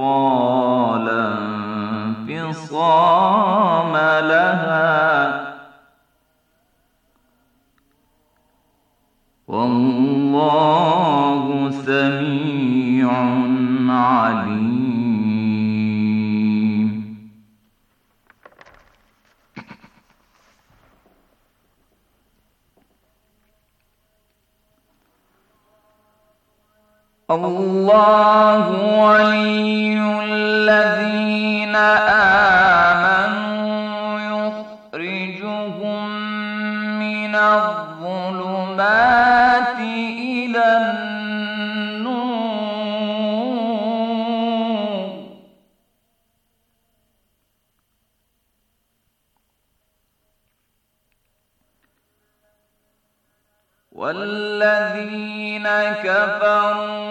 قال انفصام لها والله سميع عليم الله ولي الذين آمنوا يخرجهم من الظلمات إلى النور والذين كفروا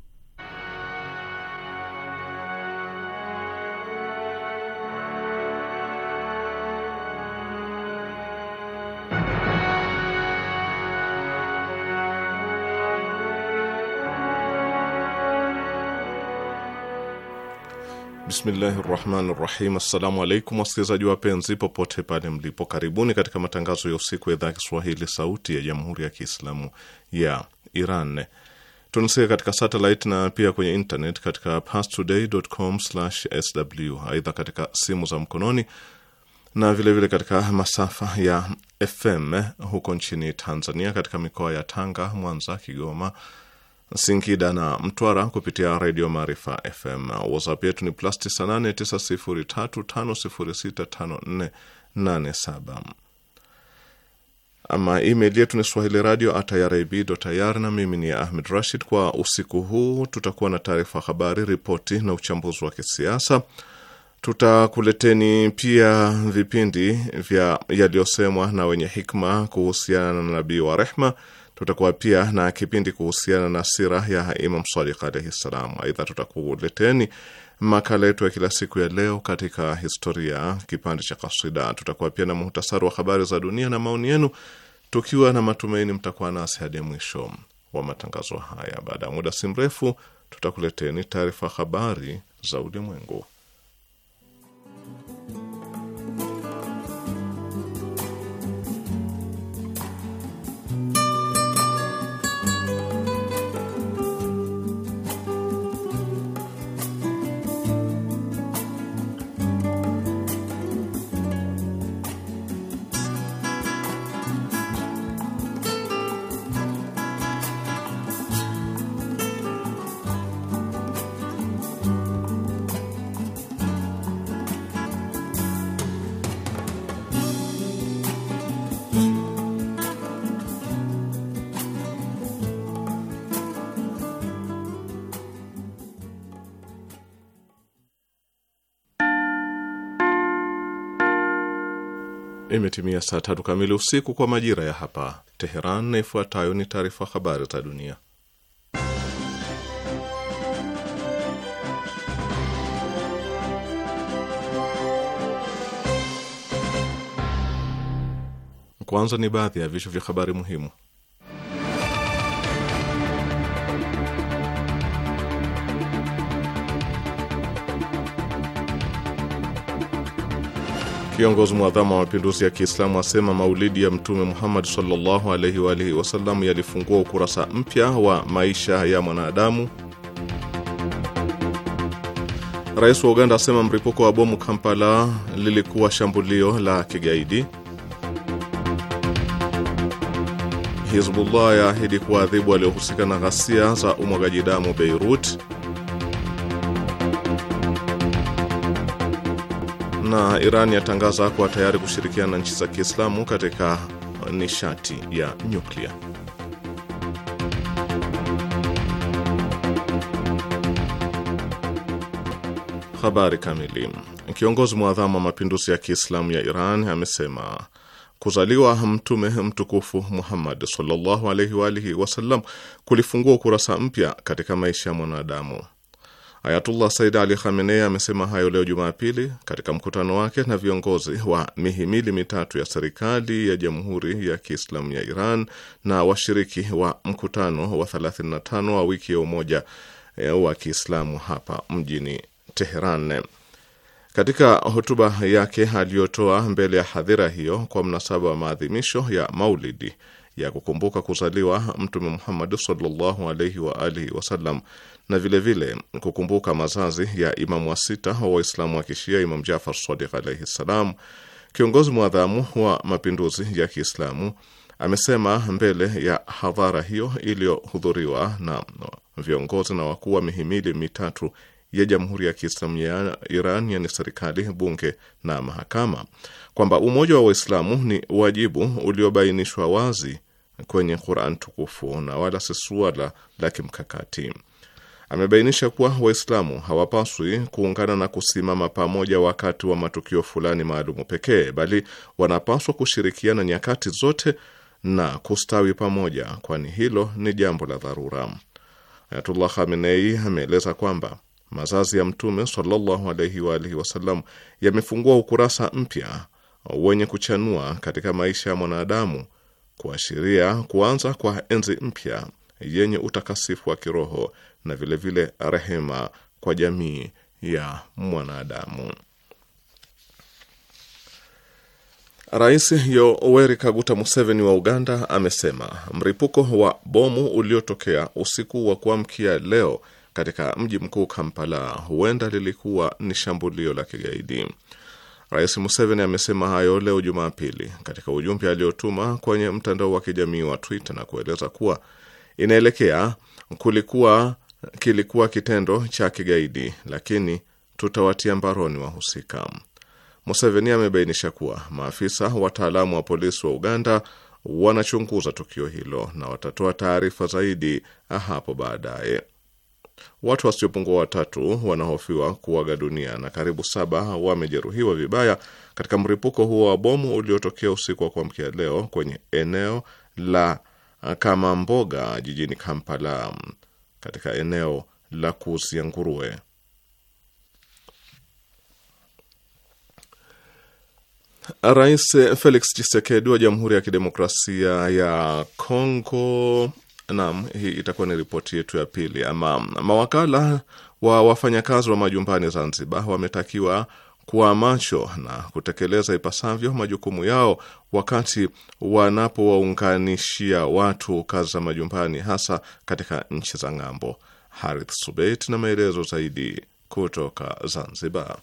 Bismillahi rahmani rahim. Assalamu alaikum wasikilizaji wapenzi popote pale mlipo, karibuni katika matangazo ya usiku ya idhaa ya Kiswahili sauti ya jamhuri ya Kiislamu ya Iran. Tunasikia katika satelit na pia kwenye internet katika pastoday.com/sw. Aidha, katika simu za mkononi na vilevile vile katika masafa ya FM huko nchini Tanzania, katika mikoa ya Tanga, Mwanza, Kigoma Singida na Mtwara kupitia redio Maarifa FM. WhatsApp yetu ni plus 989035065487. Ama email yetu ni swahili radio at irib.ir. Na mimi ni Ahmed Rashid. Kwa usiku huu tutakuwa na taarifa habari, ripoti na uchambuzi wa kisiasa. Tutakuleteni pia vipindi vya yaliyosemwa na wenye hikma kuhusiana na nabii wa rehma Tutakuwa pia na kipindi kuhusiana na sira ya Imam Sadiq alaihi ssalam. Aidha, tutakuleteni makala yetu ya kila siku ya leo katika historia, kipande cha kasida. Tutakuwa pia na muhtasari wa habari za dunia na maoni yenu, tukiwa na matumaini mtakuwa nasi hadi mwisho wa matangazo haya. Baada ya muda si mrefu, tutakuleteni taarifa habari za ulimwengu. imetimia saa tatu kamili usiku kwa majira ya hapa Teheran, na ifuatayo ni taarifa habari za dunia. Kwanza ni baadhi ya vichwa vya habari muhimu. Kiongozi mwadhamu wa mapinduzi ya Kiislamu asema maulidi ya Mtume Muhammad sallallahu alaihi wa alihi wasallam yalifungua ukurasa mpya wa maisha ya mwanadamu. Rais wa Uganda asema mripuko wa bomu Kampala lilikuwa shambulio la kigaidi. Hizbullah yaahidi kuadhibu waliohusika na ghasia za umwagaji damu Beirut. na Iran yatangaza kuwa tayari kushirikiana na nchi za Kiislamu katika nishati ya nyuklia. Habari kamili. Kiongozi mwadhamu wa mapinduzi ya Kiislamu ya Iran amesema kuzaliwa Mtume mtukufu Muhammad sallallahu alaihi wa alihi wasallam kulifungua ukurasa mpya katika maisha ya mwanadamu. Ayatullah Said Ali Khamenei amesema hayo leo Jumapili katika mkutano wake na viongozi wa mihimili mitatu ya serikali ya Jamhuri ya Kiislamu ya Iran na washiriki wa mkutano wa 35 wa wiki ya Umoja e, wa Kiislamu hapa mjini Teheran. Katika hotuba yake aliyotoa mbele ya hadhira hiyo kwa mnasaba wa maadhimisho ya Maulidi ya kukumbuka kuzaliwa Mtume Muhammad sallallahu alaihi wa alihi wasallam na vilevile vile kukumbuka mazazi ya imamu wa sita wa Waislamu wa Kishia, Imam Jafar Sadiq alaihi ssalam, kiongozi mwadhamu wa mapinduzi ya Kiislamu amesema mbele ya hadhara hiyo iliyohudhuriwa na viongozi na wakuu wa mihimili mitatu ya Jamhuri ya Kiislamu ya Iran, yani serikali, bunge na mahakama, kwamba umoja wa Waislamu ni wajibu uliobainishwa wazi kwenye Quran tukufu na wala si suala la kimkakati. Amebainisha kuwa Waislamu hawapaswi kuungana na kusimama pamoja wakati wa matukio fulani maalumu pekee, bali wanapaswa kushirikiana nyakati zote na kustawi pamoja, kwani hilo ni jambo la dharura. Ayatullah Khamenei ameeleza kwamba mazazi ya Mtume sallallahu alaihi wa alihi wasallam yamefungua ukurasa mpya wenye kuchanua katika maisha ya mwanadamu, kuashiria kuanza kwa enzi mpya yenye utakasifu wa kiroho na vilevile vile rehema kwa jamii ya mwanadamu. Rais Yoweri Kaguta Museveni wa Uganda amesema mripuko wa bomu uliotokea usiku wa kuamkia leo katika mji mkuu Kampala huenda lilikuwa ni shambulio la kigaidi. Rais Museveni amesema hayo leo Jumapili katika ujumbe aliotuma kwenye mtandao wa kijamii wa Twitter na kueleza kuwa inaelekea kulikuwa kilikuwa kitendo cha kigaidi, lakini tutawatia mbaroni wahusika. Museveni amebainisha kuwa maafisa wataalamu wa polisi wa Uganda wanachunguza tukio hilo na watatoa taarifa zaidi hapo baadaye. Watu wasiopungua watatu wanahofiwa kuaga dunia na karibu saba wamejeruhiwa vibaya katika mripuko huo wa bomu uliotokea usiku wa kuamkia leo kwenye eneo la Kamamboga jijini Kampala katika eneo la kuuzia nguruwe. Rais Felix Tshisekedi wa Jamhuri ya Kidemokrasia ya Kongo. Naam, hii itakuwa ni ripoti yetu ya pili. Ama mawakala wa wafanyakazi wa majumbani Zanzibar wametakiwa kuwa macho na kutekeleza ipasavyo majukumu yao wakati wanapowaunganishia watu kazi za majumbani, hasa katika nchi za ng'ambo. Harith Subeit na maelezo zaidi kutoka Zanzibar.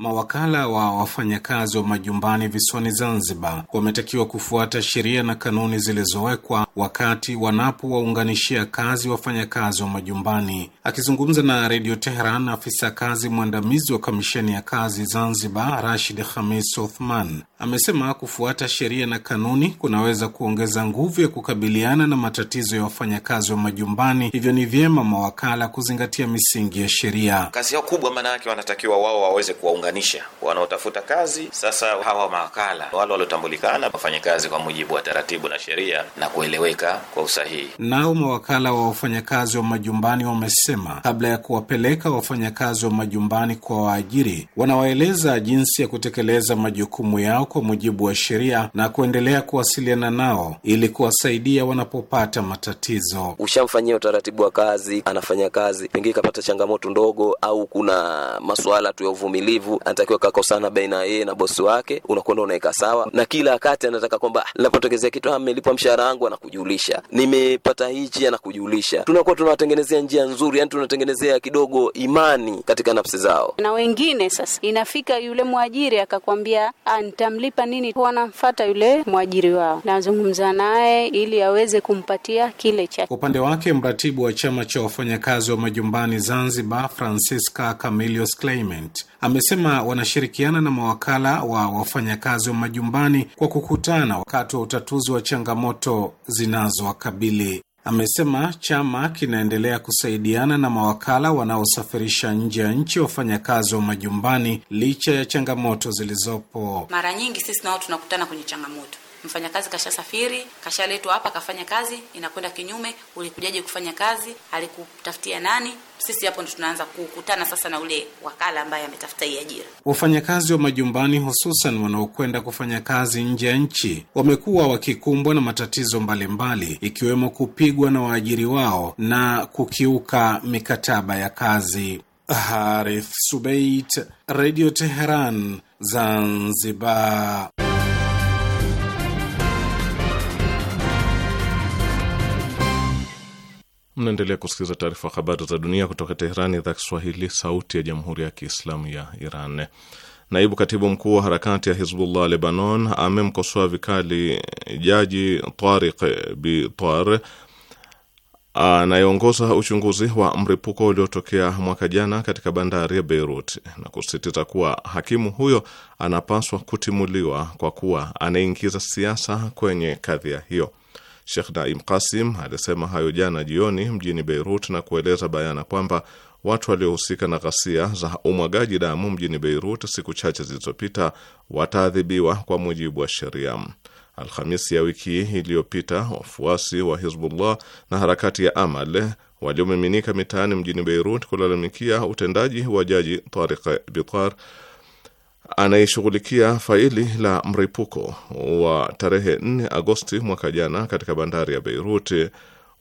Mawakala wa wafanyakazi wa majumbani visiwani Zanzibar wametakiwa kufuata sheria na kanuni zilizowekwa wakati wanapowaunganishia kazi wafanyakazi wa majumbani. Akizungumza na Redio Teheran, afisa kazi mwandamizi wa kamisheni ya kazi Zanzibar, Rashid Khamis Othman, amesema kufuata sheria na kanuni kunaweza kuongeza nguvu ya kukabiliana na matatizo ya wafanyakazi wa majumbani, hivyo ni vyema mawakala kuzingatia misingi ya sheria. Kazi yao kubwa, maana yake wanatakiwa wao waweze kuwaunga kuunganisha wanaotafuta kazi. Sasa hawa mawakala wale waliotambulikana wafanye kazi kwa mujibu wa taratibu na sheria na kueleweka kwa usahihi. Nao mawakala wa wafanyakazi wa majumbani wamesema kabla ya kuwapeleka wafanyakazi wa majumbani kwa waajiri, wanawaeleza jinsi ya kutekeleza majukumu yao kwa mujibu wa sheria na kuendelea kuwasiliana nao ili kuwasaidia wanapopata matatizo. Ushamfanyia utaratibu wa kazi, anafanya kazi, pengine kapata changamoto ndogo, au kuna masuala tu ya uvumilivu anatakiwa kakosana baina yeye na bosi wake, unakwenda unaweka sawa, na kila wakati anataka kwamba napotokezea kitu amelipwa ah, mshahara wangu anakujulisha, nimepata hichi anakujulisha. Tunakuwa tunawatengenezea njia nzuri, yani tunatengenezea kidogo imani katika nafsi zao. Na wengine sasa, inafika yule mwajiri akakwambia ah, nitamlipa nini, wanamfata yule mwajiri wao, nazungumza naye ili aweze kumpatia kile cha. Kwa upande wake mratibu wa chama cha wafanyakazi wa majumbani Zanzibar, Francisca Camilius Clement amesema wanasema wanashirikiana na mawakala wa wafanyakazi wa majumbani kwa kukutana wakati wa utatuzi wa changamoto zinazowakabili. Amesema chama kinaendelea kusaidiana na mawakala wanaosafirisha nje ya nchi wafanyakazi wa majumbani licha ya changamoto zilizopo. Mara nyingi sisi nao tunakutana kwenye changamoto mfanyakazi kashasafiri, kashaletwa hapa kafanya kazi, inakwenda kinyume. Ulikujaje kufanya kazi? Alikutafutia nani? Sisi hapo ndo tunaanza kukutana sasa na ule wakala ambaye ametafuta hii ajira. Wafanyakazi wa majumbani, hususan wanaokwenda kufanya kazi nje ya nchi, wamekuwa wakikumbwa na matatizo mbalimbali mbali, ikiwemo kupigwa na waajiri wao na kukiuka mikataba ya kazi. Harith Subait, Radio Teheran, Zanzibar. Mnaendelea kusikiliza taarifa habari za dunia kutoka Teherani, idhaa Kiswahili, sauti ya jamhuri ya kiislamu ya Iran. Naibu katibu mkuu wa harakati ya Hizbullah Lebanon amemkosoa vikali jaji Tariq Bitar anayeongoza uchunguzi wa mripuko uliotokea mwaka jana katika bandari ya Beirut na kusisitiza kuwa hakimu huyo anapaswa kutimuliwa kwa kuwa anaingiza siasa kwenye kadhia hiyo. Sheikh Naim Qasim alisema hayo jana jioni mjini Beirut na kueleza bayana kwamba watu waliohusika na ghasia za umwagaji damu mjini Beirut siku chache zilizopita wataadhibiwa kwa mujibu wa sheria. Alhamisi ya wiki iliyopita, wafuasi wa Hizbullah na harakati ya Amal waliomiminika mitaani mjini Beirut kulalamikia utendaji wa jaji Tariq Bitar anayeshughulikia faili la mripuko wa tarehe 4 Agosti mwaka jana katika bandari ya Beirut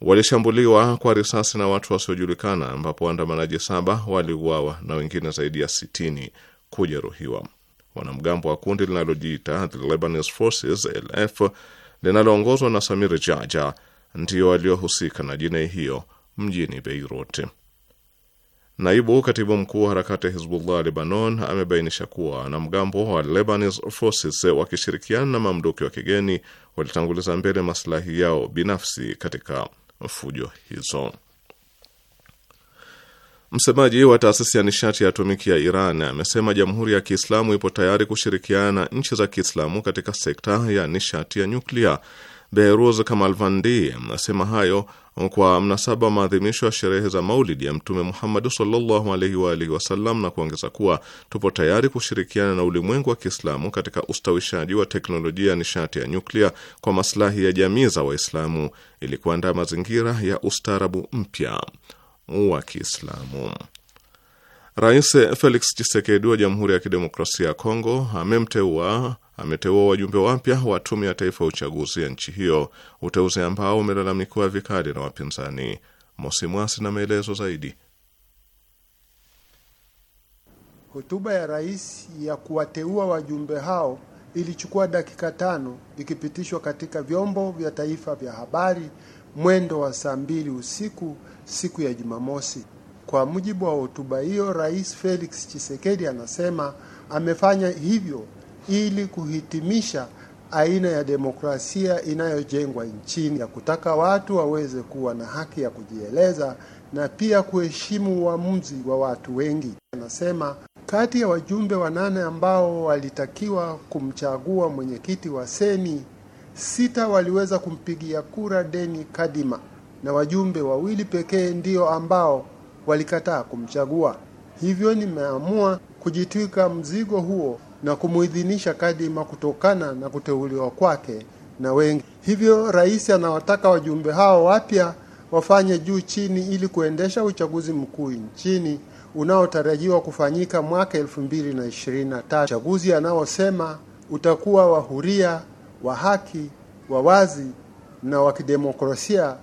walishambuliwa kwa risasi na watu wasiojulikana, ambapo waandamanaji saba waliuawa na wengine zaidi ya 60 kujeruhiwa. Wanamgambo wa kundi linalojiita The Lebanese Forces LF linaloongozwa na Samir Jaja ndio waliohusika na jinai hiyo mjini Beirut. Naibu katibu mkuu wa harakati ya Hizbullah Lebanon amebainisha kuwa wanamgambo wa Lebanese Forces wakishirikiana na mamluki wa kigeni walitanguliza mbele maslahi yao binafsi katika fujo hizo. Msemaji wa taasisi ya nishati ya atomiki ya Iran amesema Jamhuri ya Kiislamu ipo tayari kushirikiana na nchi za Kiislamu katika sekta ya nishati ya nyuklia. Behruz Kamalvandi amesema hayo kwa mnasaba maadhimisho ya sherehe za maulidi ya Mtume Muhammad sallallahu alaihi wa alihi wasallam, na kuongeza kuwa tupo tayari kushirikiana na ulimwengu wa Kiislamu katika ustawishaji wa teknolojia ya nishati ya nyuklia kwa maslahi ya jamii za Waislamu ili kuandaa mazingira ya ustaarabu mpya wa Kiislamu. Rais Felix Tshisekedi wa Jamhuri ya Kidemokrasia ya Kongo amemteua ameteua wajumbe wapya wa tume ya taifa ya uchaguzi ya nchi hiyo, uteuzi ambao umelalamikiwa vikali na wapinzani. Mosi Mwasi na maelezo zaidi. Hotuba ya rais ya kuwateua wajumbe hao ilichukua dakika tano ikipitishwa katika vyombo vya taifa vya habari mwendo wa saa mbili usiku siku ya Jumamosi. Kwa mujibu wa hotuba hiyo, Rais Felix Tshisekedi anasema amefanya hivyo ili kuhitimisha aina ya demokrasia inayojengwa nchini ya kutaka watu waweze kuwa na haki ya kujieleza na pia kuheshimu uamuzi wa watu wengi. Anasema kati ya wajumbe wanane ambao walitakiwa kumchagua mwenyekiti wa Seni, sita waliweza kumpigia kura Deni Kadima na wajumbe wawili pekee ndio ambao walikataa kumchagua. Hivyo nimeamua kujitwika mzigo huo na kumuidhinisha Kadima kutokana na kuteuliwa kwake na wengi. Hivyo rais anawataka wajumbe hao wapya wafanye juu chini ili kuendesha uchaguzi mkuu nchini unaotarajiwa kufanyika mwaka tatu, Uchaguzi anaosema utakuwa wa huria, wa haki, wa wazi na wa kidemokrasia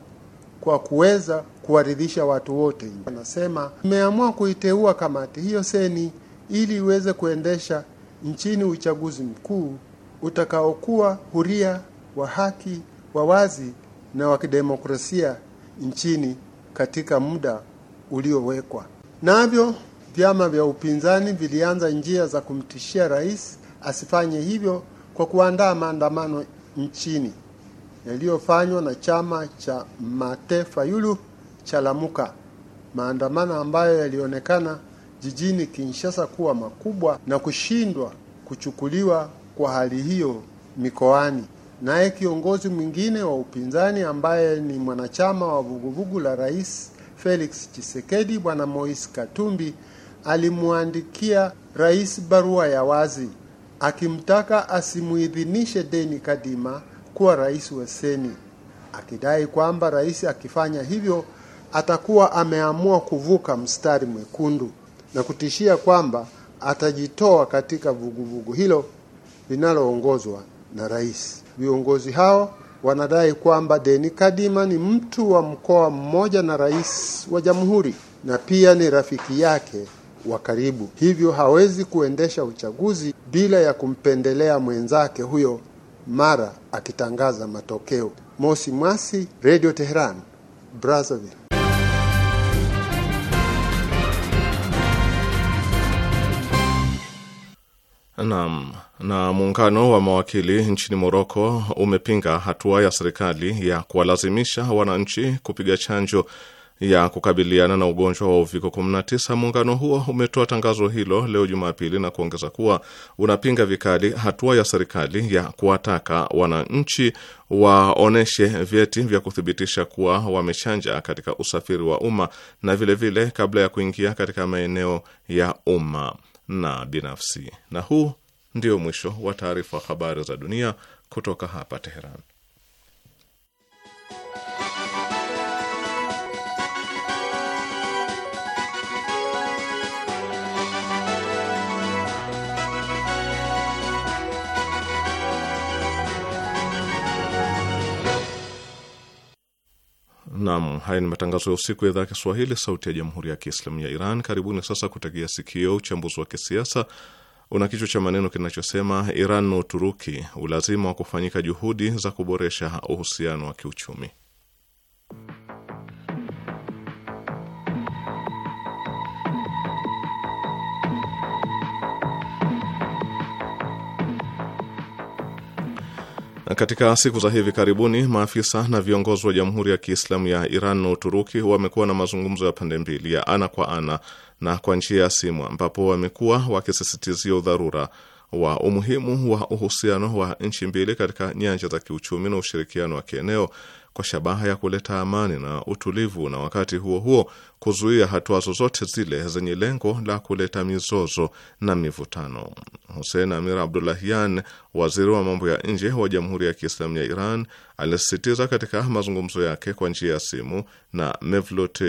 kwa kuweza kuwaridhisha watu wote. Anasema, imeamua kuiteua kamati hiyo seni ili iweze kuendesha nchini uchaguzi mkuu utakaokuwa huria wa haki wa wazi na wa kidemokrasia nchini katika muda uliowekwa. Navyo vyama vya upinzani vilianza njia za kumtishia rais asifanye hivyo kwa kuandaa maandamano nchini yaliyofanywa na chama cha Matefa Yulu cha Lamuka, maandamano ambayo yalionekana jijini Kinshasa kuwa makubwa na kushindwa kuchukuliwa kwa hali hiyo mikoani. Naye kiongozi mwingine wa upinzani ambaye ni mwanachama wa vuguvugu la Rais Felix Tshisekedi, Bwana Moise Katumbi alimwandikia rais barua ya wazi akimtaka asimuidhinishe Deni Kadima kuwa rais wa Seni, akidai kwamba rais akifanya hivyo atakuwa ameamua kuvuka mstari mwekundu na kutishia kwamba atajitoa katika vuguvugu vugu hilo linaloongozwa na rais. Viongozi hao wanadai kwamba Deni Kadima ni mtu wa mkoa mmoja na rais wa jamhuri na pia ni rafiki yake wa karibu, hivyo hawezi kuendesha uchaguzi bila ya kumpendelea mwenzake huyo mara akitangaza matokeo. Mosi Mwasi, Radio teheran Brazzaville. Naam. Na muungano wa mawakili nchini Moroko umepinga hatua ya serikali ya kuwalazimisha wananchi kupiga chanjo ya kukabiliana na ugonjwa wa uviko 19. Muungano huo umetoa tangazo hilo leo Jumapili na kuongeza kuwa unapinga vikali hatua ya serikali ya kuwataka wananchi waoneshe vyeti vya kuthibitisha kuwa wamechanja katika usafiri wa umma na vilevile vile kabla ya kuingia katika maeneo ya umma na binafsi. Na huu ndio mwisho wa taarifa habari za dunia kutoka hapa Teheran. Naam, haya ni matangazo ya usiku ya idhaa ya Kiswahili, sauti ya jamhuri ya kiislamu ya Iran. Karibuni sasa kutegea sikio uchambuzi wa kisiasa una kichwa cha maneno kinachosema Iran na Uturuki, ulazima wa kufanyika juhudi za kuboresha uhusiano wa kiuchumi. Katika siku za hivi karibuni maafisa na viongozi wa Jamhuri ya Kiislamu ya Iran na Uturuki wamekuwa na mazungumzo ya pande mbili ya ana kwa ana na kwa njia ya simu, ambapo wamekuwa wakisisitizia udharura wa umuhimu wa uhusiano wa nchi mbili katika nyanja za kiuchumi na ushirikiano wa kieneo kwa shabaha ya kuleta amani na utulivu na wakati huo huo kuzuia hatua zozote zile zenye lengo la kuleta mizozo na mivutano. Hussein Amir Abdullahian, waziri wa mambo ya nje wa Jamhuri ya Kiislamu ya Iran, alisisitiza katika mazungumzo yake kwa njia ya simu na Mevlut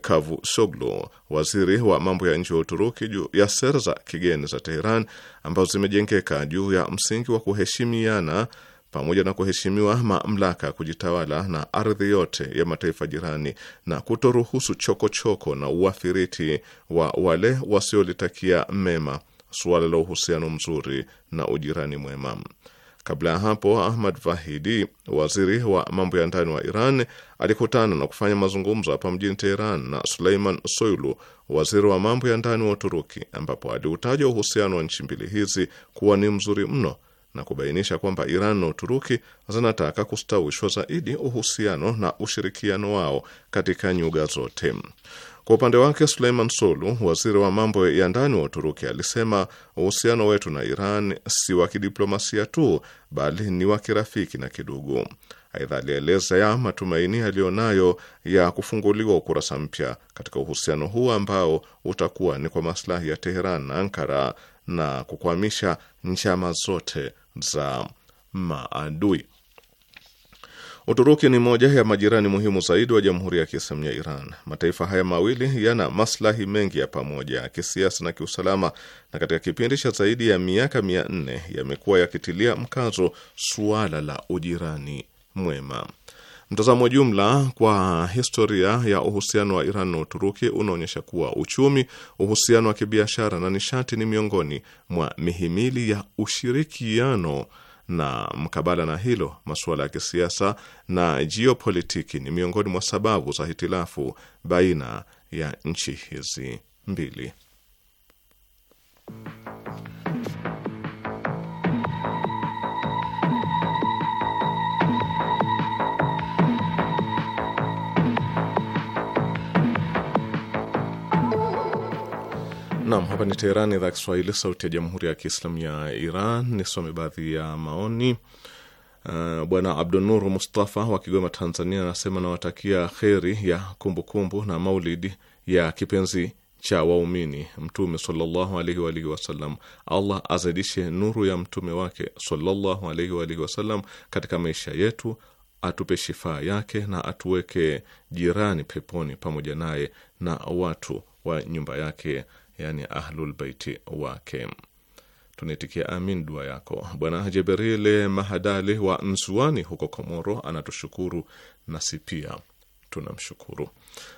Cavusoglu, waziri wa mambo ya nje wa Uturuki, juu ya sera za kigeni za Teheran ambazo zimejengeka juu ya msingi wa kuheshimiana pamoja na kuheshimiwa mamlaka kujitawala na ardhi yote ya mataifa jirani na kutoruhusu chokochoko na uafiriti wa wale wasiolitakia mema suala la uhusiano mzuri na ujirani mwema. Kabla ya hapo, Ahmad Vahidi, waziri wa mambo ya ndani wa Iran, alikutana na kufanya mazungumzo hapa mjini Teheran na Suleiman Soylu, waziri wa mambo ya ndani wa Uturuki, ambapo aliutaja uhusiano wa nchi mbili hizi kuwa ni mzuri mno na kubainisha kwamba Iran na Uturuki zinataka kustawishwa zaidi uhusiano na ushirikiano wao katika nyuga zote. Kwa upande wake, Suleiman Solu, waziri wa mambo ya ndani wa Uturuki, alisema uhusiano wetu na Iran si wa kidiplomasia tu, bali ni wa kirafiki na kidugu. Aidha, alieleza ya matumaini yaliyonayo ya kufunguliwa ukurasa mpya katika uhusiano huu ambao utakuwa ni kwa maslahi ya Teheran na Ankara na kukwamisha njama zote za maadui. Uturuki ni moja ya majirani muhimu zaidi wa Jamhuri ya Kiislamu ya Iran. Mataifa haya mawili yana maslahi mengi ya pamoja ya kisiasa na kiusalama, na katika kipindi cha zaidi ya miaka mia nne yamekuwa yakitilia mkazo suala la ujirani mwema. Mtazamo jumla kwa historia ya uhusiano wa Iran na Uturuki unaonyesha kuwa uchumi, uhusiano wa kibiashara na nishati ni miongoni mwa mihimili ya ushirikiano, na mkabala na hilo, masuala ya kisiasa na jiopolitiki ni miongoni mwa sababu za hitilafu baina ya nchi hizi mbili. Naam, hapa ni teheran idhaa Kiswahili, sauti ya jamhuri ya kiislamu ya Iran. Nisome baadhi ya maoni. Uh, Bwana Abdunur Mustafa wa Kigoma, Tanzania, anasema nawatakia kheri ya kumbukumbu kumbu na maulidi ya kipenzi cha waumini Mtume sallallahu alaihi wa alihi wasallam. Allah azidishe nuru ya mtume wake sallallahu alaihi wa alihi wasallam katika maisha yetu, atupe shifaa yake na atuweke jirani peponi pamoja naye na watu wa nyumba yake yani Ahlulbeiti wake. Tunaitikia amin dua yako. Bwana Jeberil Mahadali wa Nzuani huko Komoro anatushukuru, nasi pia tunamshukuru.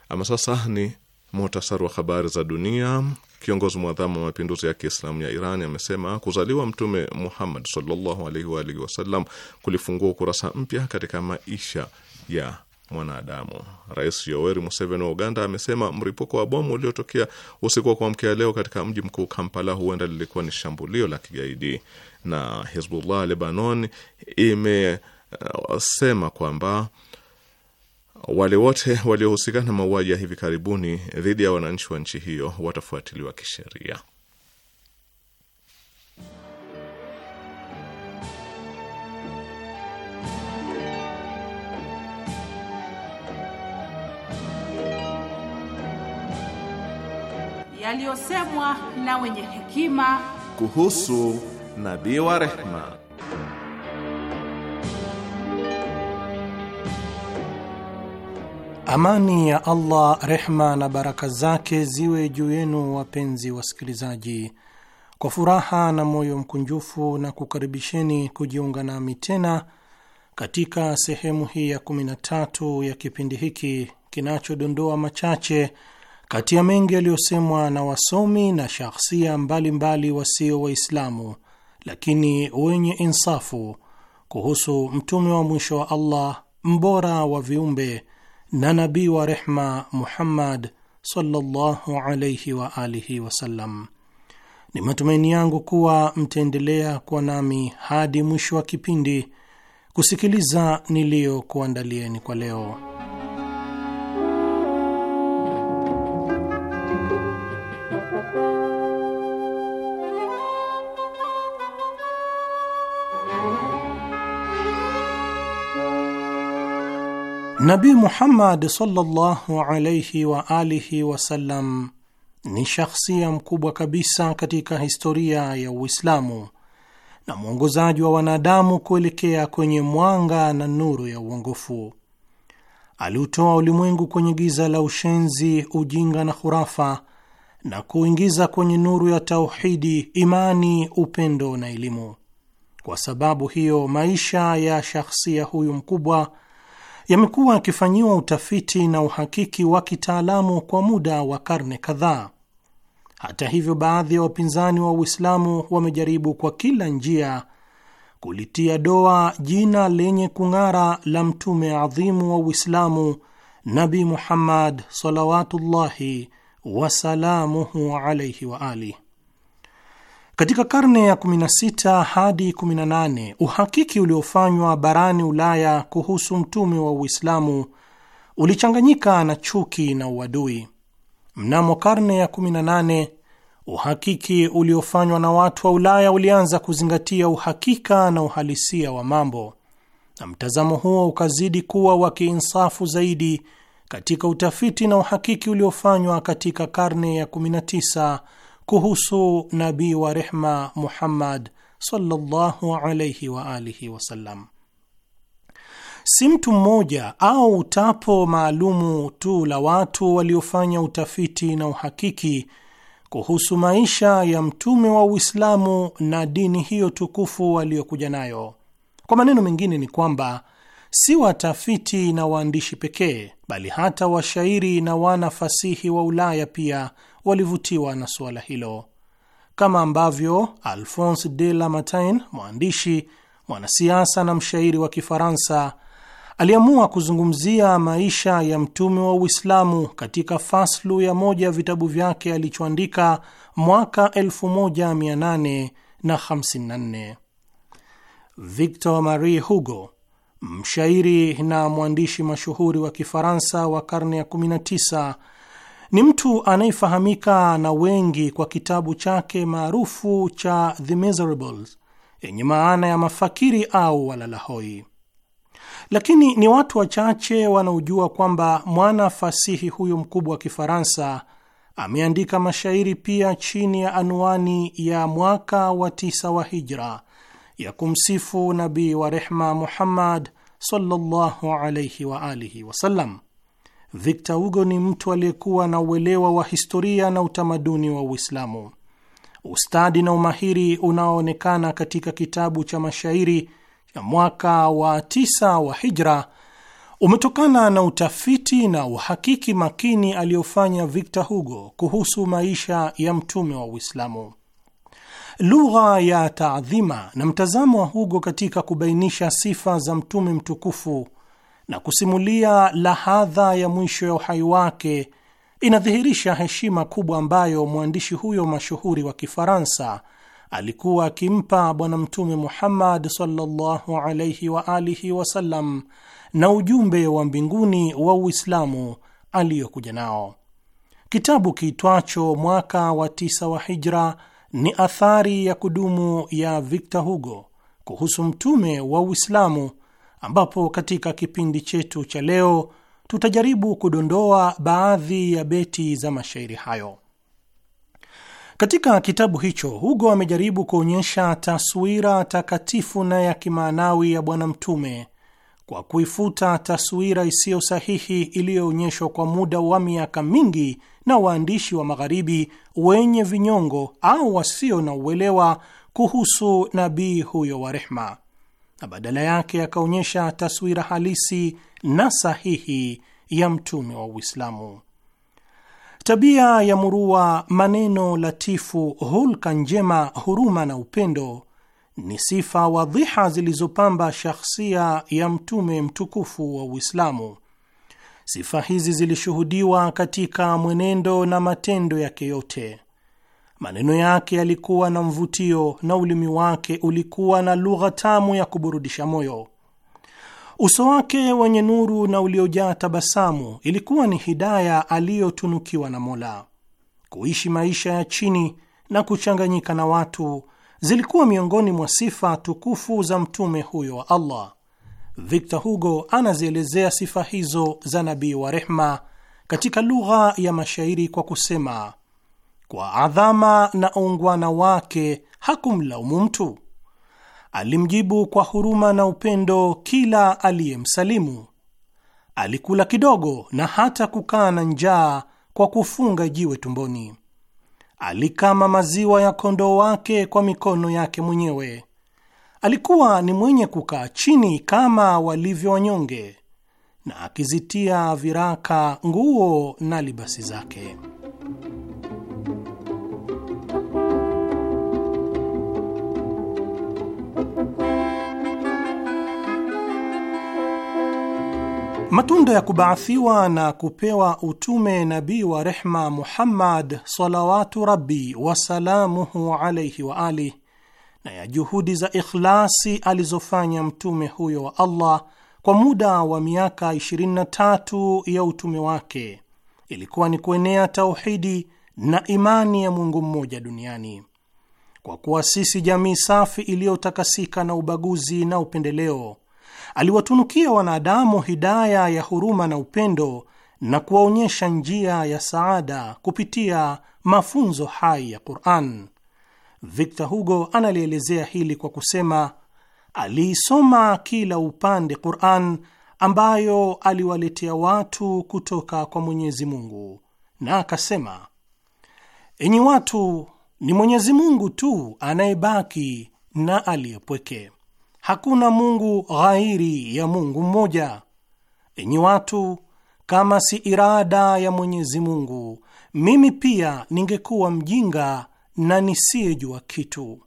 Ama sasa ni muhtasari wa habari za dunia. Kiongozi mwadhamu wa mapinduzi ya Kiislamu ya Iran amesema kuzaliwa Mtume Muhammad sallallahu alaihi wa alihi wasallam kulifungua ukurasa mpya katika maisha ya mwanadamu. Rais Yoweri Museveni wa Uganda amesema mripuko wa bomu uliotokea usiku wa kuamkia leo katika mji mkuu Kampala huenda lilikuwa ni shambulio la kigaidi. Na Hizbullah Lebanon imesema kwamba wale wote waliohusika na mauaji ya hivi karibuni dhidi ya wananchi wa nchi hiyo watafuatiliwa kisheria. yaliyosemwa na wenye hekima kuhusu nabii wa rehma. Amani ya Allah, rehma na baraka zake ziwe juu yenu, wapenzi wasikilizaji. Kwa furaha na moyo mkunjufu na kukaribisheni kujiunga nami tena katika sehemu hii ya 13 ya kipindi hiki kinachodondoa machache kati ya mengi yaliyosemwa na wasomi na shakhsia mbalimbali wasio Waislamu lakini wenye insafu kuhusu mtume wa mwisho wa Allah mbora wa viumbe na nabii wa rehma Muhammad sallallahu alayhi wa alihi wasallam. Ni matumaini yangu kuwa mtaendelea kuwa nami hadi mwisho wa kipindi kusikiliza niliyokuandalieni kwa leo. Nabi Muhammad sallallahu alayhi wa alihi wasallam ni shakhsia mkubwa kabisa katika historia ya Uislamu na mwongozaji wa wanadamu kuelekea kwenye mwanga na nuru ya uongofu. Aliutoa ulimwengu kwenye giza la ushenzi, ujinga na khurafa na kuingiza kwenye nuru ya tauhidi, imani, upendo na elimu. Kwa sababu hiyo, maisha ya shakhsia huyu mkubwa yamekuwa yakifanyiwa utafiti na uhakiki wa kitaalamu kwa muda wa karne kadhaa. Hata hivyo, baadhi ya wapinzani wa Uislamu wamejaribu kwa kila njia kulitia doa jina lenye kung'ara la mtume adhimu wa Uislamu, Nabi Muhammad salawatullahi wasalamuhu alaihi wa alihi katika karne ya 16 hadi 18, uhakiki uliofanywa barani Ulaya kuhusu mtume wa Uislamu ulichanganyika na chuki na uadui. Mnamo karne ya 18, uhakiki uliofanywa na watu wa Ulaya ulianza kuzingatia uhakika na uhalisia wa mambo, na mtazamo huo ukazidi kuwa wa kiinsafu zaidi katika utafiti na uhakiki uliofanywa katika karne ya 19 kuhusu nabii wa rehma Muhammad sallallahu alayhi wa alihi wasallam. Si mtu mmoja au tapo maalumu tu la watu waliofanya utafiti na uhakiki kuhusu maisha ya mtume wa Uislamu na dini hiyo tukufu waliokuja nayo. Kwa maneno mengine ni kwamba si watafiti na waandishi pekee, bali hata washairi na wanafasihi wa Ulaya pia walivutiwa na suala hilo, kama ambavyo Alphonse de Lamartine, mwandishi, mwanasiasa na mshairi wa Kifaransa, aliamua kuzungumzia maisha ya mtume wa Uislamu katika faslu ya moja ya vitabu vyake alichoandika mwaka 1854. Victor Marie Hugo, mshairi na mwandishi mashuhuri wa Kifaransa wa karne ya 19 ni mtu anayefahamika na wengi kwa kitabu chake maarufu cha The Miserables yenye maana ya mafakiri au walalahoi, lakini ni watu wachache wanaojua kwamba mwana fasihi huyo mkubwa wa Kifaransa ameandika mashairi pia chini ya anwani ya mwaka wa tisa wa hijra ya kumsifu Nabii wa rehma Muhammad sallallahu alayhi wa alihi wasallam. Victor Hugo ni mtu aliyekuwa na uelewa wa historia na utamaduni wa Uislamu. Ustadi na umahiri unaoonekana katika kitabu cha mashairi cha mwaka wa tisa wa Hijra umetokana na utafiti na uhakiki makini aliyofanya Victor Hugo kuhusu maisha ya mtume wa Uislamu. Lugha ya taadhima na mtazamo wa Hugo katika kubainisha sifa za mtume mtukufu na kusimulia lahadha ya mwisho ya uhai wake inadhihirisha heshima kubwa ambayo mwandishi huyo mashuhuri wa Kifaransa alikuwa akimpa Bwana Mtume Muhammad sallallahu alayhi wa alihi wasallam na ujumbe wa mbinguni wa Uislamu aliyokuja nao. Kitabu kiitwacho Mwaka wa Tisa wa Hijra ni athari ya kudumu ya Victor Hugo kuhusu mtume wa Uislamu ambapo katika kipindi chetu cha leo tutajaribu kudondoa baadhi ya beti za mashairi hayo. Katika kitabu hicho Hugo amejaribu kuonyesha taswira takatifu na ya kimaanawi ya Bwana Mtume kwa kuifuta taswira isiyo sahihi iliyoonyeshwa kwa muda wa miaka mingi na waandishi wa Magharibi wenye vinyongo au wasio na uelewa kuhusu nabii huyo wa rehma na badala yake akaonyesha taswira halisi na sahihi ya mtume wa Uislamu. Tabia ya murua, maneno latifu, hulka njema, huruma na upendo ni sifa wadhiha zilizopamba shakhsia ya mtume mtukufu wa Uislamu. Sifa hizi zilishuhudiwa katika mwenendo na matendo yake yote. Maneno yake yalikuwa na mvutio na ulimi wake ulikuwa na lugha tamu ya kuburudisha moyo. Uso wake wenye nuru na uliojaa tabasamu ilikuwa ni hidaya aliyotunukiwa na Mola. Kuishi maisha ya chini na kuchanganyika na watu zilikuwa miongoni mwa sifa tukufu za mtume huyo wa Allah. Victor Hugo anazielezea sifa hizo za nabii wa rehma katika lugha ya mashairi kwa kusema kwa adhama na ungwana wake hakumlaumu mtu. Alimjibu kwa huruma na upendo kila aliyemsalimu. Alikula kidogo na hata kukaa na njaa kwa kufunga jiwe tumboni. Alikama maziwa ya kondoo wake kwa mikono yake mwenyewe. Alikuwa ni mwenye kukaa chini kama walivyo wanyonge, na akizitia viraka nguo na libasi zake. Matunda ya kubaathiwa na kupewa utume nabii wa rehma Muhammad salawatu rabi wasalamuhu alaihi wa alih, na ya juhudi za ikhlasi alizofanya mtume huyo wa Allah kwa muda wa miaka 23 ya utume wake ilikuwa ni kuenea tauhidi na imani ya Mungu mmoja duniani kwa kuasisi jamii safi iliyotakasika na ubaguzi na upendeleo. Aliwatunukia wanadamu hidaya ya huruma na upendo na kuwaonyesha njia ya saada kupitia mafunzo hai ya Qur'an. Victor Hugo analielezea hili kwa kusema, aliisoma kila upande Qur'an ambayo aliwaletea watu kutoka kwa Mwenyezi Mungu, na akasema, enyi watu ni Mwenyezi Mungu tu anayebaki na aliyepweke. Hakuna Mungu ghairi ya Mungu mmoja. Enyi watu, kama si irada ya Mwenyezi Mungu, mimi pia ningekuwa mjinga na nisiyejua kitu.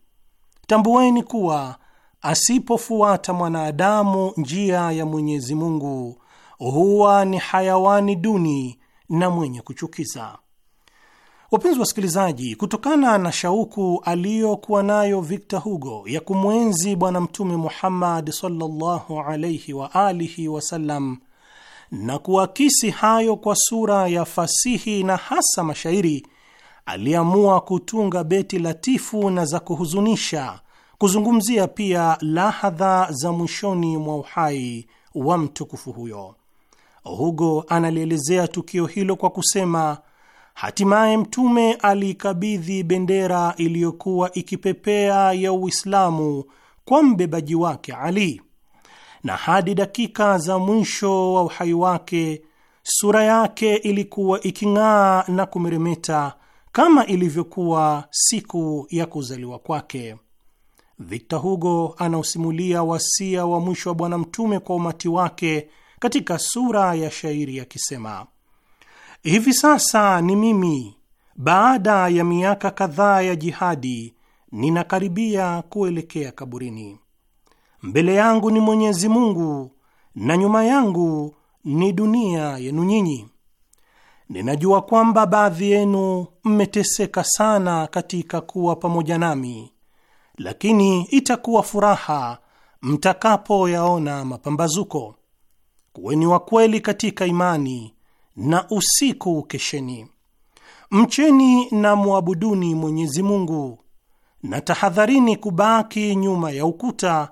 Tambueni kuwa asipofuata mwanadamu njia ya Mwenyezi Mungu huwa ni hayawani duni na mwenye kuchukiza. Wapenzi wasikilizaji, kutokana na shauku aliyokuwa nayo Victor Hugo ya kumwenzi Bwana Mtume Muhammad sallallahu alaihi wa alihi wasallam na kuakisi hayo kwa sura ya fasihi na hasa mashairi, aliamua kutunga beti latifu na za kuhuzunisha kuzungumzia pia lahadha za mwishoni mwa uhai wa mtukufu huyo. Hugo analielezea tukio hilo kwa kusema Hatimaye Mtume aliikabidhi bendera iliyokuwa ikipepea ya Uislamu kwa mbebaji wake Ali, na hadi dakika za mwisho wa uhai wake sura yake ilikuwa iking'aa na kumeremeta kama ilivyokuwa siku ya kuzaliwa kwake. Victor Hugo anausimulia wasia wa mwisho wa Bwana Mtume kwa umati wake katika sura ya shairi akisema: Hivi sasa ni mimi, baada ya miaka kadhaa ya jihadi, ninakaribia kuelekea kaburini. Mbele yangu ni Mwenyezi Mungu na nyuma yangu ni dunia yenu nyinyi. Ninajua kwamba baadhi yenu mmeteseka sana katika kuwa pamoja nami, lakini itakuwa furaha mtakapoyaona mapambazuko. Kuweni wa kweli katika imani na usiku kesheni, mcheni na mwabuduni Mwenyezi Mungu, na tahadharini kubaki nyuma ya ukuta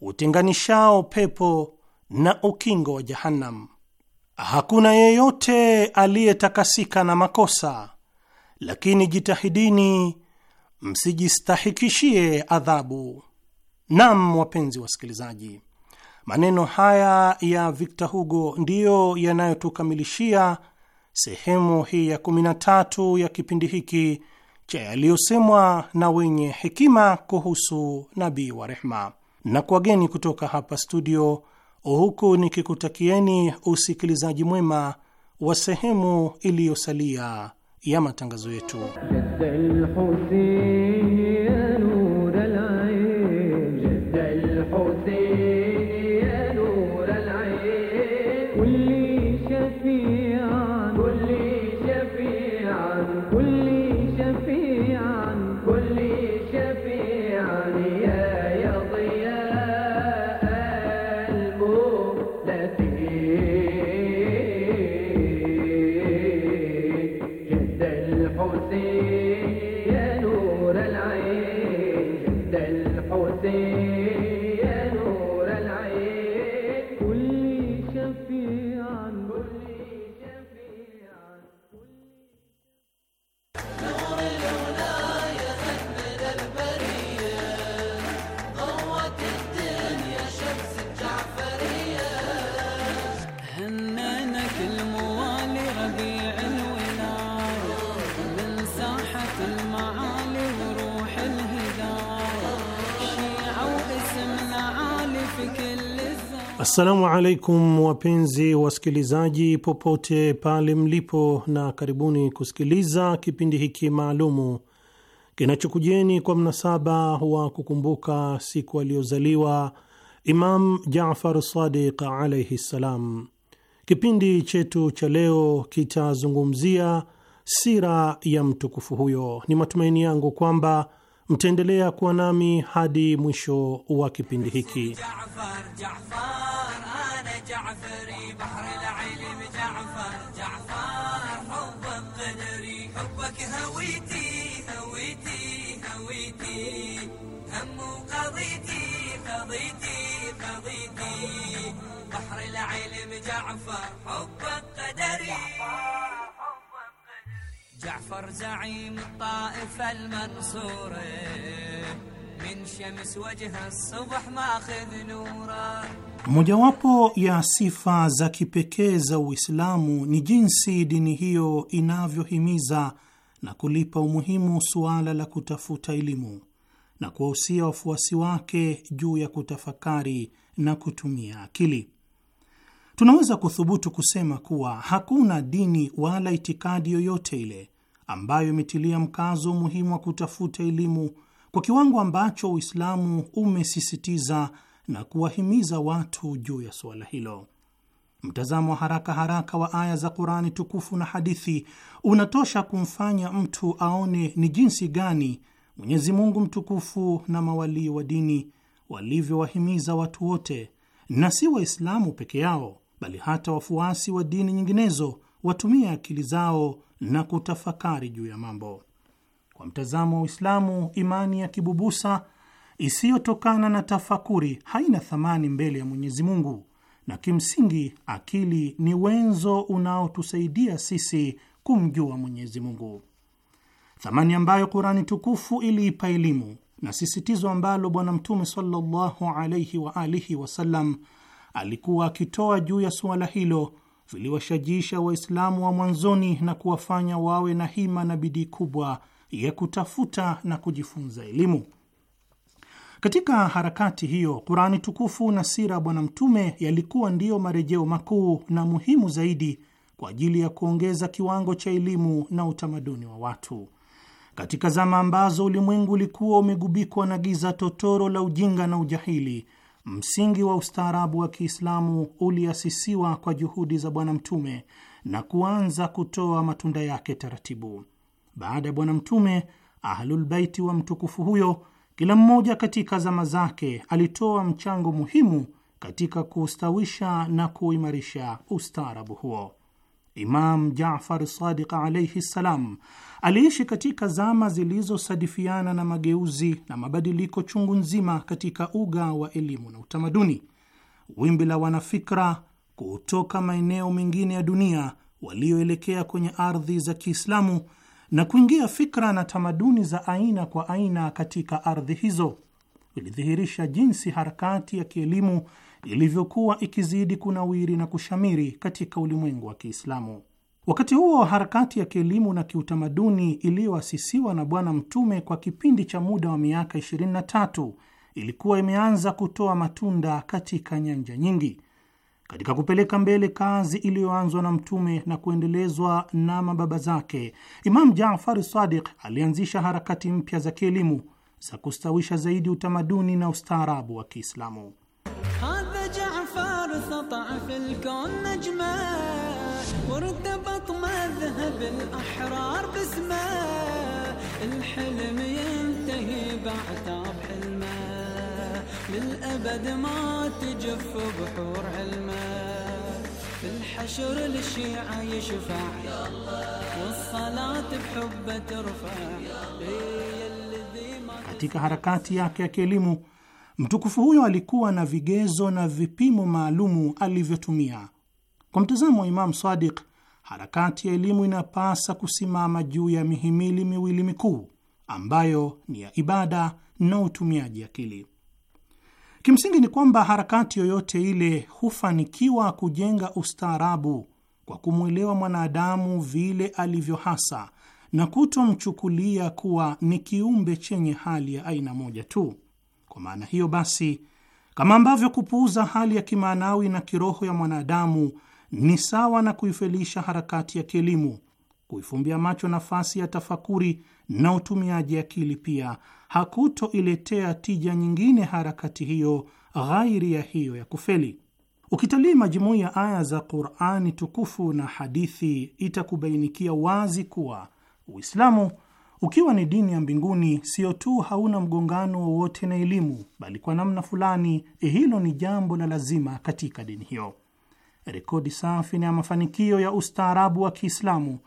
utenganishao pepo na ukingo wa Jahannam. Hakuna yeyote aliyetakasika na makosa, lakini jitahidini msijistahikishie adhabu. Nam, wapenzi wasikilizaji Maneno haya ya Victor Hugo ndiyo yanayotukamilishia sehemu hii ya 13 ya kipindi hiki cha yaliyosemwa na wenye hekima kuhusu nabii wa rehma, na kuwageni kutoka hapa studio, huku nikikutakieni usikilizaji mwema wa sehemu iliyosalia ya matangazo yetu. Assalamu alaikum wapenzi wasikilizaji, popote pale mlipo, na karibuni kusikiliza kipindi hiki maalumu kinachokujeni kwa mnasaba wa kukumbuka siku aliyozaliwa Imam Jafar Sadiq alaihi ssalam. Kipindi chetu cha leo kitazungumzia sira ya mtukufu huyo. Ni matumaini yangu kwamba mtaendelea kuwa nami hadi mwisho wa kipindi hiki. Jafar, Jafar. جعفر زعيم الطائفة المنصورة من شمس وجه الصبح ماخذ نورا Mojawapo ya sifa za kipekee za Uislamu ni jinsi dini hiyo inavyohimiza na kulipa umuhimu suala la kutafuta elimu na kuwahusia wafuasi wake juu ya kutafakari na kutumia akili tunaweza kuthubutu kusema kuwa hakuna dini wala itikadi yoyote ile ambayo imetilia mkazo umuhimu wa kutafuta elimu kwa kiwango ambacho Uislamu umesisitiza na kuwahimiza watu juu ya suala hilo. Mtazamo wa haraka haraka wa aya za Qurani tukufu na hadithi unatosha kumfanya mtu aone ni jinsi gani Mwenyezi Mungu mtukufu na mawalii wa dini walivyowahimiza watu wote na si Waislamu peke yao bali hata wafuasi wa dini nyinginezo watumie akili zao na kutafakari juu ya mambo. Kwa mtazamo wa Uislamu, imani ya kibubusa isiyotokana na tafakuri haina thamani mbele ya Mwenyezi Mungu, na kimsingi akili ni wenzo unaotusaidia sisi kumjua Mwenyezi Mungu, thamani ambayo Kurani tukufu iliipa elimu na sisitizo ambalo Bwana Mtume sallallahu alaihi wa alihi wasallam alikuwa akitoa juu ya suala hilo viliwashajiisha Waislamu wa mwanzoni na kuwafanya wawe na hima na bidii kubwa ya kutafuta na kujifunza elimu. Katika harakati hiyo, Kurani tukufu na sira ya Bwana Mtume yalikuwa ndiyo marejeo makuu na muhimu zaidi kwa ajili ya kuongeza kiwango cha elimu na utamaduni wa watu katika zama ambazo ulimwengu ulikuwa umegubikwa na giza totoro la ujinga na ujahili. Msingi wa ustaarabu wa Kiislamu uliasisiwa kwa juhudi za Bwana Mtume na kuanza kutoa matunda yake taratibu. Baada ya Bwana Mtume, Ahlulbaiti wa mtukufu huyo, kila mmoja katika zama zake, alitoa mchango muhimu katika kuustawisha na kuimarisha ustaarabu huo. Imam Jafar Sadiq alaihi ssalam aliishi katika zama zilizosadifiana na mageuzi na mabadiliko chungu nzima katika uga wa elimu na utamaduni. Wimbi la wanafikra kutoka maeneo mengine ya dunia walioelekea kwenye ardhi za Kiislamu na kuingia fikra na tamaduni za aina kwa aina katika ardhi hizo vilidhihirisha jinsi harakati ya kielimu ilivyokuwa ikizidi kunawiri na kushamiri katika ulimwengu wa Kiislamu. Wakati huo harakati ya kielimu na kiutamaduni iliyoasisiwa na Bwana Mtume kwa kipindi cha muda wa miaka 23 ilikuwa imeanza kutoa matunda katika nyanja nyingi, katika kupeleka mbele kazi iliyoanzwa na Mtume na kuendelezwa na mababa zake. Imam Jafar Sadiq alianzisha harakati mpya za kielimu za kustawisha zaidi utamaduni na ustaarabu wa Kiislamu. الكون نجمه وارتبط مذهب الأحرار باسمه الحلم ينتهي بعتاب حلمه للأبد ما تجف بحور علمه في الحشر الشيعة يشفع والصلاة بحبه ترفع katika حركات ياك يا kielimu Mtukufu huyo alikuwa na vigezo na vipimo maalumu alivyotumia. Kwa mtazamo wa Imamu Sadiq, harakati ya elimu inapasa kusimama juu ya mihimili miwili mikuu ambayo ni ya ibada na utumiaji akili. Kimsingi ni kwamba harakati yoyote ile hufanikiwa kujenga ustaarabu kwa kumwelewa mwanadamu vile alivyo hasa na kutomchukulia kuwa ni kiumbe chenye hali ya aina moja tu. Kwa maana hiyo basi, kama ambavyo kupuuza hali ya kimaanawi na kiroho ya mwanadamu ni sawa na kuifelisha harakati ya kielimu, kuifumbia macho nafasi ya tafakuri na utumiaji akili pia hakutoiletea tija nyingine harakati hiyo ghairi ya hiyo ya kufeli. Ukitalii majumui ya aya za Qur'ani tukufu na hadithi, itakubainikia wazi kuwa Uislamu ukiwa ni dini ya mbinguni, sio tu hauna mgongano wowote na elimu, bali kwa namna fulani eh, hilo ni jambo la lazima katika dini hiyo. Rekodi safi na ya mafanikio ya ustaarabu wa Kiislamu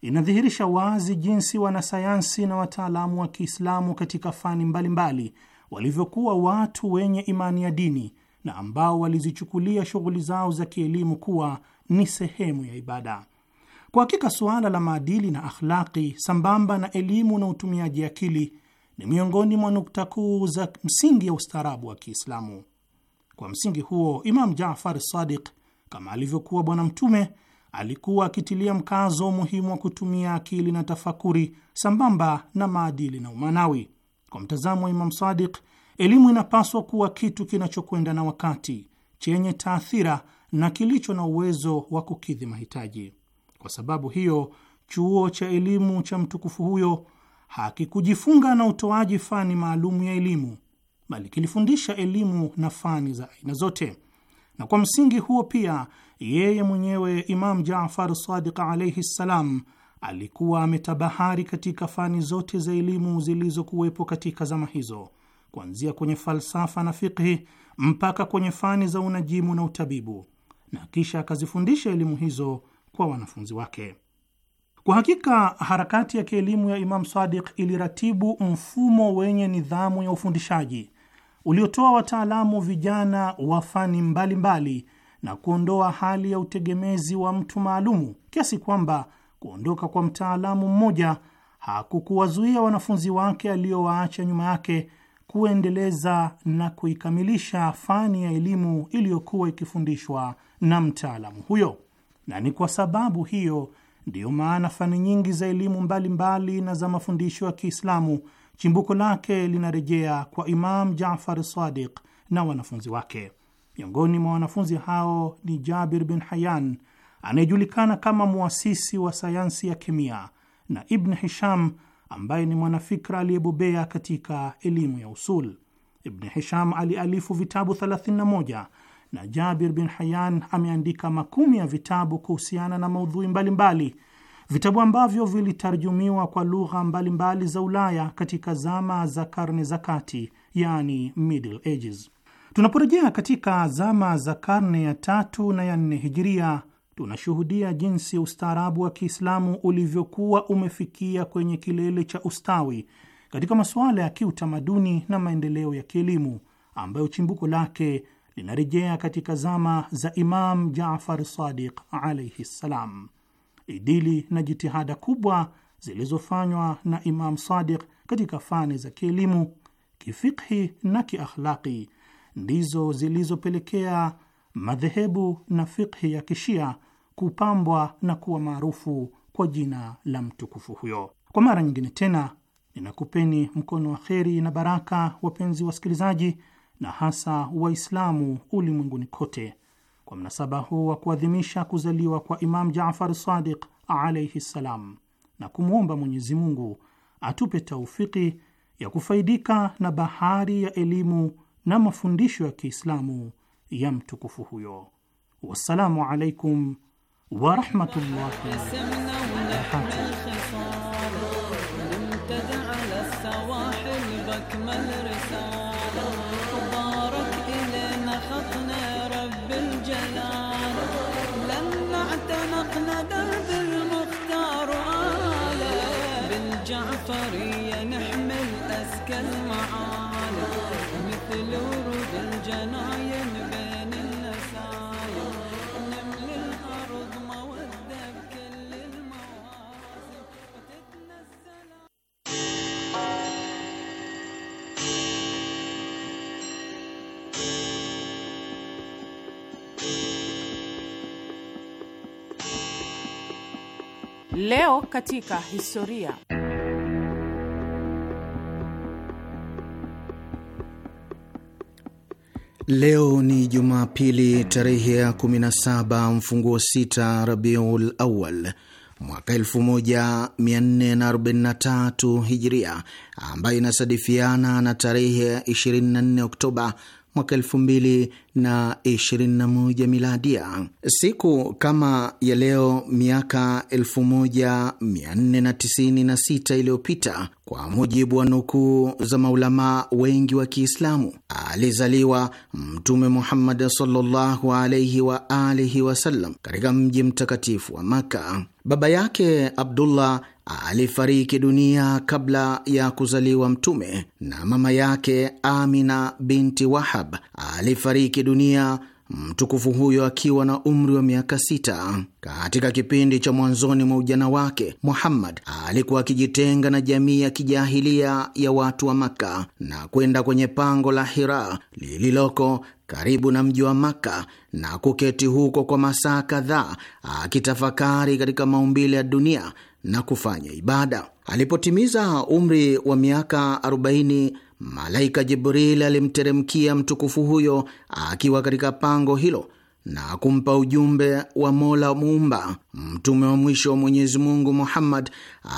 inadhihirisha wazi jinsi wanasayansi na wataalamu wa Kiislamu katika fani mbalimbali walivyokuwa watu wenye imani ya dini na ambao walizichukulia shughuli zao za kielimu kuwa ni sehemu ya ibada. Kwa hakika suala la maadili na akhlaki sambamba na elimu na utumiaji akili ni miongoni mwa nukta kuu za msingi ya ustaarabu wa Kiislamu. Kwa msingi huo, Imam Jafar Sadiq kama alivyokuwa Bwana Mtume alikuwa akitilia mkazo umuhimu wa kutumia akili na tafakuri sambamba na maadili na umanawi. Kwa mtazamo wa Imam Sadiq, elimu inapaswa kuwa kitu kinachokwenda na wakati, chenye taathira na kilicho na uwezo wa kukidhi mahitaji. Kwa sababu hiyo, chuo cha elimu cha mtukufu huyo hakikujifunga na utoaji fani maalumu ya elimu, bali kilifundisha elimu na fani za aina zote. Na kwa msingi huo pia yeye mwenyewe Imam Jafar Sadiq alaihi ssalam alikuwa ametabahari katika fani zote za elimu zilizokuwepo katika zama hizo, kuanzia kwenye falsafa na fikhi mpaka kwenye fani za unajimu na utabibu, na kisha akazifundisha elimu hizo kwa wanafunzi wake. Kwa hakika harakati ya kielimu ya Imam Sadiq iliratibu mfumo wenye nidhamu ya ufundishaji uliotoa wataalamu vijana wa fani mbalimbali na kuondoa hali ya utegemezi wa mtu maalumu kiasi kwamba kuondoka kwa mtaalamu mmoja hakukuwazuia wanafunzi wake aliyowaacha nyuma yake kuendeleza na kuikamilisha fani ya elimu iliyokuwa ikifundishwa na mtaalamu huyo na ni kwa sababu hiyo ndiyo maana fani nyingi za elimu mbalimbali na za mafundisho ya Kiislamu chimbuko lake linarejea kwa Imam Jafar Sadiq na wanafunzi wake. Miongoni mwa wanafunzi hao ni Jabir bin Hayyan anayejulikana kama muasisi wa sayansi ya kemia na Ibn Hisham ambaye ni mwanafikra aliyebobea katika elimu ya usul. Ibn Hisham alialifu vitabu 31 na Jabir bin Hayyan ameandika makumi ya vitabu kuhusiana na maudhui mbalimbali mbali. Vitabu ambavyo vilitarjumiwa kwa lugha mbalimbali za Ulaya katika zama za karne za kati, yani Middle Ages. Tunaporejea katika zama za karne ya tatu na ya nne hijiria, tunashuhudia jinsi ustaarabu wa Kiislamu ulivyokuwa umefikia kwenye kilele cha ustawi katika masuala ya kiutamaduni na maendeleo ya kielimu ambayo chimbuko lake linarejea katika zama za Imam Jafar Sadiq alaihi ssalam. Idili na jitihada kubwa zilizofanywa na Imam Sadiq katika fani za kielimu, kifikhi na kiakhlaqi ndizo zilizopelekea madhehebu na fikhi ya kishia kupambwa na kuwa maarufu kwa jina la mtukufu huyo. Kwa mara nyingine tena ninakupeni mkono wa kheri na baraka, wapenzi wasikilizaji, na hasa Waislamu ulimwenguni kote kwa mnasaba huu wa kuadhimisha kuzaliwa kwa Imam Jafar Sadiq alaihi ssalam, na kumwomba Mwenyezi Mungu atupe taufiki ya kufaidika na bahari ya elimu na mafundisho ya Kiislamu ya mtukufu huyo. Wassalamu alaikum warahmatullahi wabarakatu. Leo katika historia. Leo ni Jumapili tarehe ya 17 mfunguo 6 Rabiul Awal mwaka 1443 Hijria, ambayo inasadifiana na tarehe 24 Oktoba mwaka miladia. Siku kama ya leo miaka 1496 iliyopita, kwa mujibu wa nukuu za maulamaa wengi wa Kiislamu, alizaliwa Mtume Muhammad sallallahu alaihi wa alihi wasallam katika mji mtakatifu wa Maka. Baba yake Abdullah alifariki dunia kabla ya kuzaliwa Mtume, na mama yake Amina binti Wahab alifariki dunia mtukufu huyo akiwa na umri wa miaka sita. Katika kipindi cha mwanzoni mwa ujana wake, Muhammad alikuwa akijitenga na jamii ya kijahilia ya watu wa Makka na kwenda kwenye pango la Hira lililoko karibu na mji wa Makka na kuketi huko kwa masaa kadhaa akitafakari katika maumbile ya dunia na kufanya ibada. Alipotimiza umri wa miaka 40, malaika Jibril alimteremkia mtukufu huyo akiwa katika pango hilo na kumpa ujumbe wa Mola Muumba. Mtume wa mwisho wa Mwenyezi Mungu Muhammad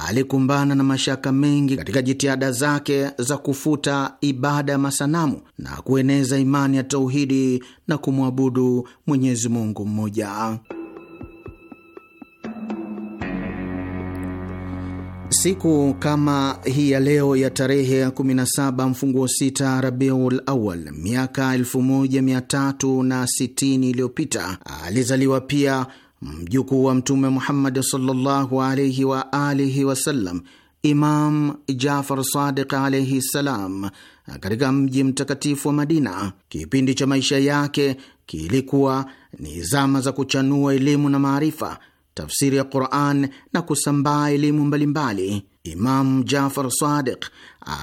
alikumbana na mashaka mengi katika jitihada zake za kufuta ibada ya masanamu na kueneza imani ya tauhidi na kumwabudu Mwenyezi Mungu mmoja. Siku kama hii ya leo ya tarehe ya 17 mfunguo 6 Rabiul Awal miaka 1360 iliyopita alizaliwa pia mjukuu wa Mtume Muhammad sallallahu alaihi wa alihi wasallam, Imam Jafar Sadiq alaihi ssalam, katika mji mtakatifu wa Madina. Kipindi cha maisha yake kilikuwa ni zama za kuchanua elimu na maarifa tafsiri ya Quran na kusambaa elimu mbalimbali. imam Jafar Sadiq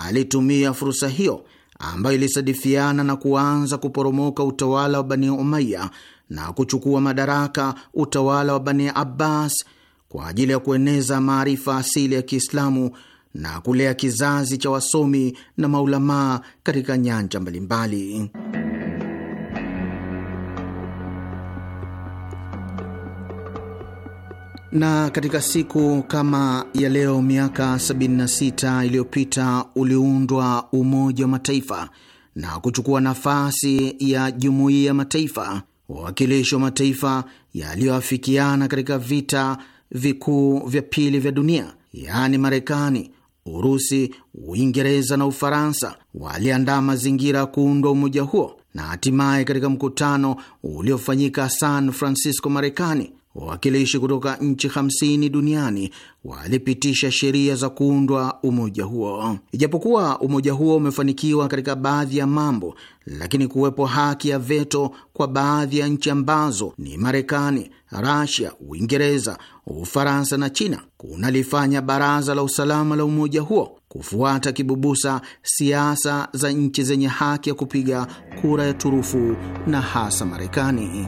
alitumia fursa hiyo ambayo ilisadifiana na kuanza kuporomoka utawala wa Bani Umaya na kuchukua madaraka utawala wa Bani Abbas kwa ajili ya kueneza maarifa asili ya Kiislamu na kulea kizazi cha wasomi na maulamaa katika nyanja mbalimbali. Na katika siku kama ya leo miaka 76 iliyopita uliundwa Umoja wa Mataifa na kuchukua nafasi ya Jumuiya ya Mataifa, wawakilishi wa mataifa yaliyoafikiana katika vita vikuu vya pili vya dunia, yaani Marekani, Urusi, Uingereza na Ufaransa waliandaa mazingira ya kuundwa umoja huo, na hatimaye katika mkutano uliofanyika San Francisco, Marekani, wawakilishi kutoka nchi 50 duniani walipitisha sheria za kuundwa umoja huo. Ijapokuwa umoja huo umefanikiwa katika baadhi ya mambo, lakini kuwepo haki ya veto kwa baadhi ya nchi ambazo ni Marekani, Rasia, Uingereza, Ufaransa na China kunalifanya baraza la usalama la umoja huo kufuata kibubusa siasa za nchi zenye haki ya kupiga kura ya turufu na hasa Marekani.